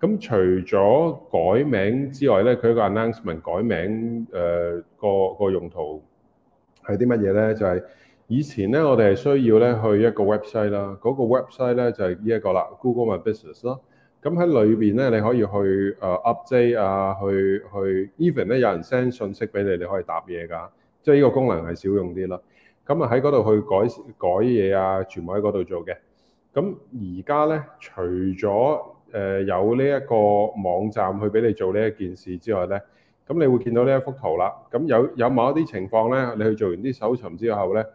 咁除咗改名之外咧，佢一個 announcement 改名，誒個個用途係啲乜嘢咧？就係以前咧，我哋係需要咧去一個 website 啦，嗰個 website 咧就係呢一個啦，Google My Business 咯。咁喺裏邊咧，你可以去誒 update 啊，去去 even 咧有人 send 信息俾你，你可以答嘢㗎。即係呢個功能係少用啲啦。咁啊喺嗰度去改改嘢啊，全部喺嗰度做嘅。咁而家咧，除咗誒有呢一個網站去俾你做呢一件事之外咧，咁你會見到呢一幅圖啦。咁有有某一啲情況咧，你去做完啲搜尋之後咧，誒、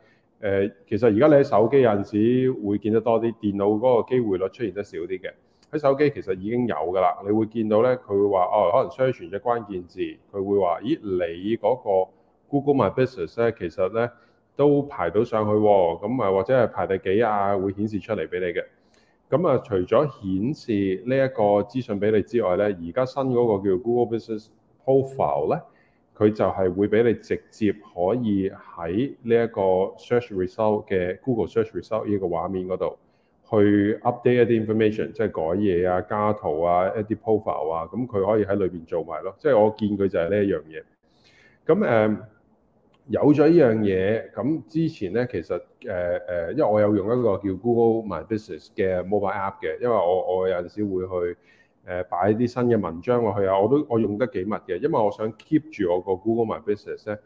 呃、其實而家你喺手機有陣時會見得多啲，電腦嗰個機會率出現得少啲嘅。喺手機其實已經有㗎啦，你會見到咧，佢會話哦，可能 search 嘅關鍵字，佢會話咦你嗰個 Google My Business 咧，其實咧都排到上去喎，哦，咁啊或者係排第幾啊，會顯示出嚟俾你嘅。咁啊、嗯，除咗顯示呢一個資訊俾你之外咧，而家新嗰個叫 Google Business Profile 咧，佢就係會俾你直接可以喺呢一個 Search Result 嘅 Google Search Result 呢個畫面嗰度去 update 一啲 information，即係改嘢啊、加圖啊、一啲 profile 啊，咁、嗯、佢可以喺裏邊做埋咯。即係我見佢就係呢一樣嘢。咁、嗯、誒。有咗呢樣嘢，咁之前咧其實誒誒、呃，因為我有用一個叫 Google My Business 嘅 mobile app 嘅，因為我我有陣時會去誒、呃、擺啲新嘅文章落去啊，我都我用得幾密嘅，因為我想 keep 住我個 Google My Business 咧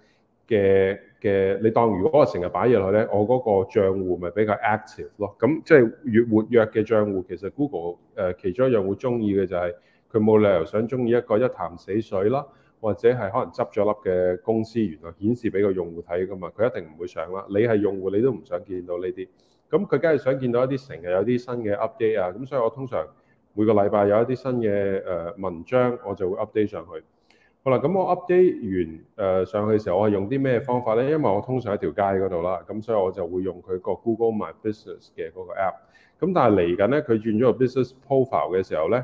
嘅嘅，你當如果我成日擺嘢落去咧，我嗰個賬戶咪比較 active 咯，咁即係越活躍嘅賬戶，其實 Google 誒、呃、其中一樣會中意嘅就係佢冇理由想中意一個一潭死水啦。或者係可能執咗粒嘅公司，原來顯示俾個用戶睇㗎嘛，佢一定唔會上啦。你係用戶，你都唔想見到呢啲。咁佢梗係想見到一啲成日有啲新嘅 update 啊。咁所以我通常每個禮拜有一啲新嘅誒文章，我就會 update 上去。好啦，咁我 update 完誒上去嘅時候，我係用啲咩方法咧？因為我通常喺條街嗰度啦，咁所以我就會用佢個 Google My Business 嘅嗰個 app。咁但係嚟緊咧，佢轉咗個 business profile 嘅時候咧。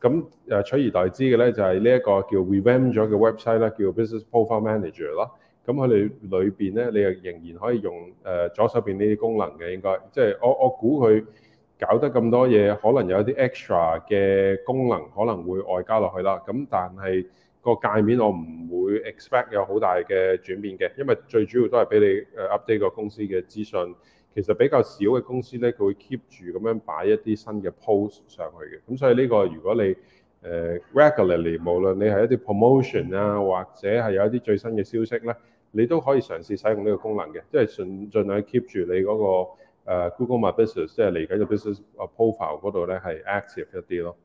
咁誒取而代之嘅咧就係呢一個叫 revamp 咗嘅 website 啦，叫 Business Profile Manager 咯。咁佢哋裏邊咧，你又仍然可以用誒、呃、左手邊呢啲功能嘅，應該即係、就是、我我估佢搞得咁多嘢，可能有啲 extra 嘅功能可能會外加落去啦。咁但係，個界面我唔會 expect 有好大嘅轉變嘅，因為最主要都係俾你誒 update 個公司嘅資訊。其實比較少嘅公司咧，佢會 keep 住咁樣擺一啲新嘅 post 上去嘅。咁所以呢個如果你誒、uh, regularly 無論你係一啲 promotion 啊，或者係有一啲最新嘅消息咧，你都可以嘗試使用呢個功能嘅，即係盡盡量 keep 住你嗰、那個、uh, Google My Business 即係嚟緊嘅 business 啊 profile 嗰度咧係 active 一啲咯。